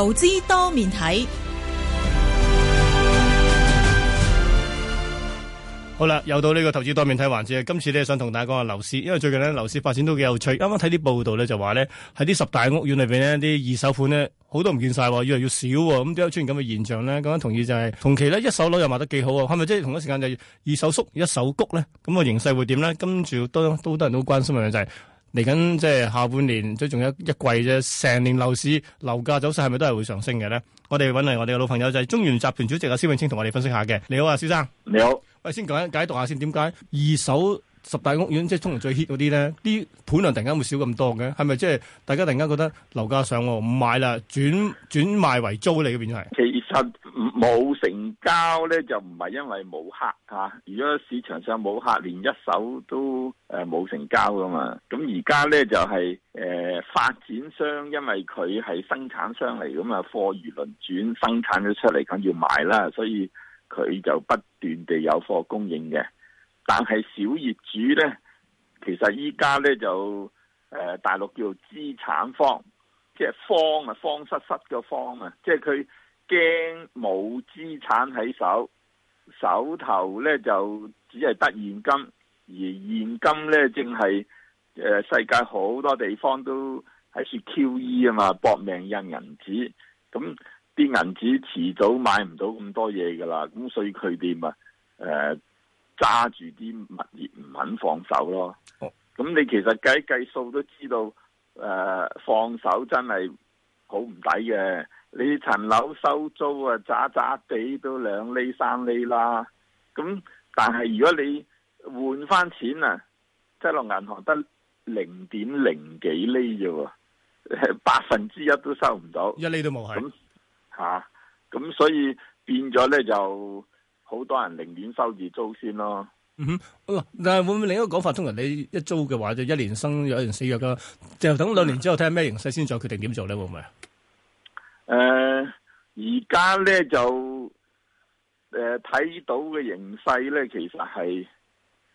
投資多面睇，好啦，又到呢個投資多面睇環節。今次呢，想同大家講下樓市，因為最近呢樓市發展都幾有趣。啱啱睇啲報道呢，就話呢喺啲十大屋苑裏邊呢，啲二手盤呢，好多唔見晒，越嚟越少喎、啊。咁點解出現咁嘅現象呢？咁樣同意、就是，就係同期呢，一手樓又賣得幾好啊？係咪即係同一時間就二手縮一手谷呢。咁、那個形勢會點呢？跟住都都，都人都關心問題就係、是。嚟緊即係下半年，再仲有一季啫，成年樓市樓價走勢係咪都係會上升嘅咧？我哋揾嚟我哋嘅老朋友就係、是、中原集團主席阿施永青同我哋分析下嘅。你好啊，施生，你好。喂，先講解讀下先，點解二手？十大屋苑即係通常最 hit 嗰啲咧，啲盤啊突然間會少咁多嘅，係咪即係大家突然間覺得樓價上唔買啦，轉轉賣為租嚟嘅變態？其實冇成交咧就唔係因為冇客嚇、啊，如果市場上冇客，連一手都誒冇、呃、成交噶嘛。咁而家咧就係、是、誒、呃、發展商因為佢係生產商嚟，咁啊貨如輪轉，生產咗出嚟咁要賣啦，所以佢就不斷地有貨供應嘅。但係小業主咧，其實依家咧就誒、呃，大陸叫做資產荒，即係慌啊，慌失失個慌啊，即係佢驚冇資產喺手，手頭咧就只係得現金，而現金咧正係誒、呃、世界好多地方都喺說 QE 啊嘛，搏命印銀紙，咁啲銀紙遲早買唔到咁多嘢噶啦，咁所以佢哋啊？誒、呃。揸住啲物業唔肯放手咯，咁、oh. 你其實計計數都知道，誒、呃、放手真係好唔抵嘅。你層樓收租啊，渣渣地都兩厘三厘啦。咁但係如果你換翻錢啊，即落銀行得零點零幾厘啫、啊，百分之一都收唔到，一厘都冇。咁吓，咁、啊、所以變咗咧就。好多人寧願收住租先咯、嗯。哼，但係會唔會另一個講法？通常你一租嘅話，就一年生約，一年死約啦。就等兩年之後睇下咩形勢先，再決定點做咧，會唔會啊？誒、呃，而家咧就誒睇、呃、到嘅形勢咧，其實係誒、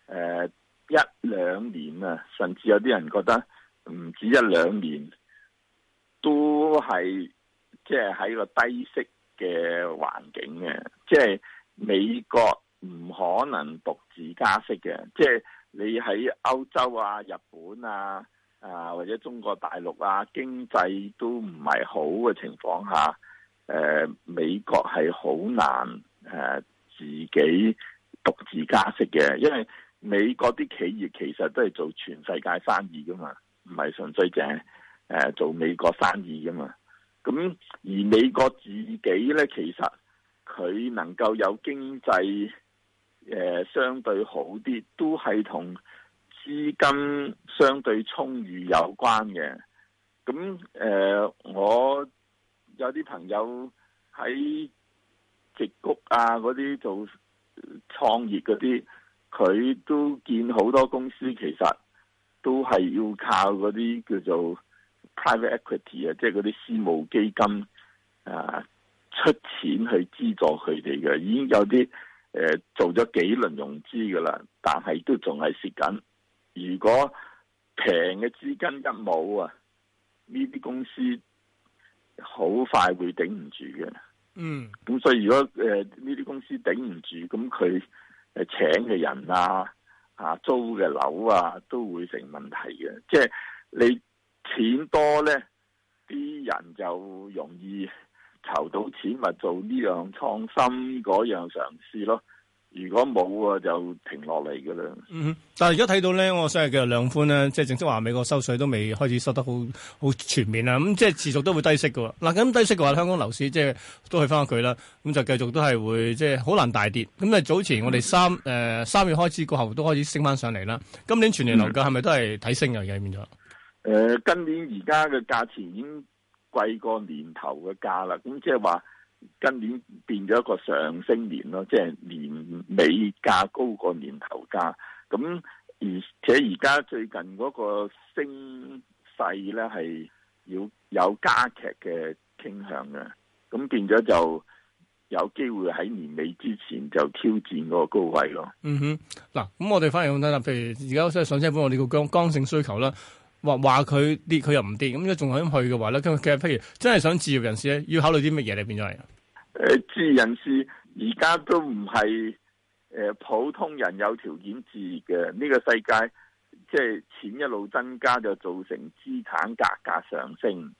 呃、一兩年啊，甚至有啲人覺得唔止一兩年，都係即係喺個低息嘅環境嘅，即、就、係、是。美國唔可能獨自加息嘅，即係你喺歐洲啊、日本啊、啊或者中國大陸啊，經濟都唔係好嘅情況下，誒，美國係好難誒自己獨自加息嘅，因為美國啲企業其實都係做全世界生意噶嘛，唔係純粹淨係誒做美國生意噶嘛，咁而美國自己咧其實。佢能夠有經濟誒、呃、相對好啲，都係同資金相對充裕有關嘅。咁誒、呃，我有啲朋友喺極谷啊嗰啲做創業嗰啲，佢都見好多公司其實都係要靠嗰啲叫做 private equity 啊，即係嗰啲私募基金啊。呃出錢去資助佢哋嘅，已經有啲誒、呃、做咗幾輪融資噶啦,但係都仲係蝕緊。如果平嘅資金一冇啊，呢啲公司好快會頂唔住嘅。嗯，咁所以如果誒呢啲公司頂唔住，咁佢誒請嘅人啊、啊租嘅樓啊都會成問題嘅。即係你錢多咧，啲人就容易。籌到錢咪做呢樣創新嗰樣嘗試咯，如果冇啊就停落嚟噶啦。嗯，但係而家睇到咧，我所謂嘅量寬咧，即係正式話美國收稅都未開始收得好好全面啊。咁、嗯、即係持續都會低息噶。嗱、嗯，咁低息嘅話，香港樓市即係都回去翻佢啦，咁、嗯、就繼續都係會即係好難大跌。咁啊早前我哋三誒三月開始過後都開始升翻上嚟啦。今年全年樓價係咪都係睇升嘅而家變咗？誒、嗯呃，今年而家嘅價錢已經。貴過年頭嘅價啦，咁即係話今年變咗一個上升年咯，即係年尾價高過年頭價，咁而且而家最近嗰個升勢咧，係要有加劇嘅傾向嘅，咁變咗就有機會喺年尾之前就挑戰嗰個高位咯。嗯哼，嗱，咁我哋翻嚟講得啦，譬如而家上車本我哋個剛剛性需求啦。話話佢跌，佢又唔跌，咁你仲想去嘅話咧？咁其實譬如真係想置業人士咧，要考慮啲乜嘢你變咗係誒，置業人士而家都唔係誒普通人有條件置業嘅。呢、這個世界即係、就是、錢一路增加，就造成資產價格，格上升。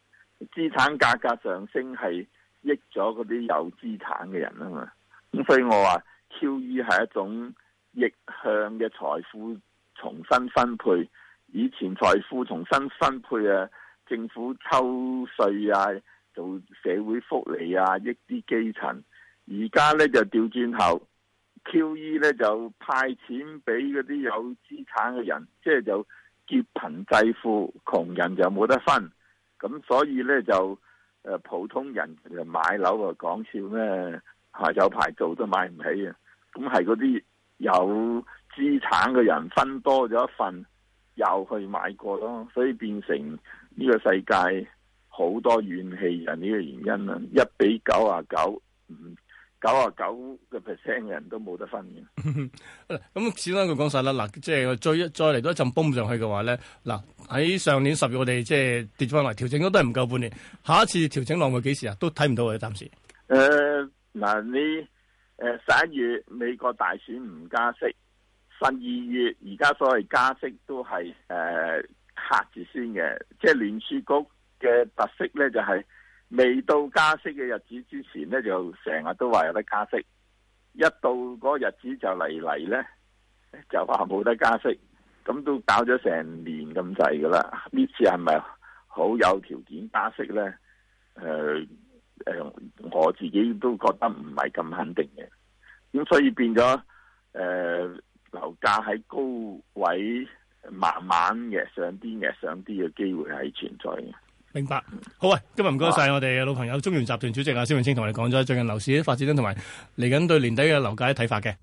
資產價格，格上升係益咗嗰啲有資產嘅人啊嘛。咁所以我話，QE 係一種逆向嘅財富重新分配。以前財富重新分配啊，政府抽稅啊，做社會福利啊，益啲基層。而家咧就調轉頭，QE 咧就派錢俾嗰啲有資產嘅人，即係就劫貧濟富，窮人就冇得分。咁所以咧就誒普通人買樓啊，講笑咩吓？有排做都買唔起啊。咁係嗰啲有資產嘅人分多咗一份。又去買過咯，所以變成呢個世界好多怨氣人呢個原因 :99, 99、 嗯、啦。一比九啊九，九啊九嘅 percent 人都冇得分嘅。咁先嗰佢講晒啦。嗱，即係再一再嚟多一陣崩上去嘅話咧，嗱喺上年十月我哋即係跌翻嚟調整咗都係唔夠半年。下一次調整落去幾時啊？都睇唔到嘅、啊。暫時。誒、呃、嗱你誒十一月美國大選唔加息。十二月而家所謂加息都係誒、呃、嚇住先嘅，即係聯儲局嘅特色咧就係、是、未到加息嘅日子之前咧就成日都話有得加息，一到嗰個日子就嚟嚟咧就話冇得加息，咁都搞咗成年咁滯噶啦，呢次係咪好有條件加息咧？誒、呃、誒、呃，我自己都覺得唔係咁肯定嘅，咁所以變咗誒。呃樓價喺高位慢慢嘅上啲嘅上啲嘅機會係存在嘅。明白，好啊，今日唔該晒我哋嘅老朋友中原集團主席啊施永青同我哋講咗最近樓市啲發展同埋嚟緊對年底嘅樓價嘅睇法嘅。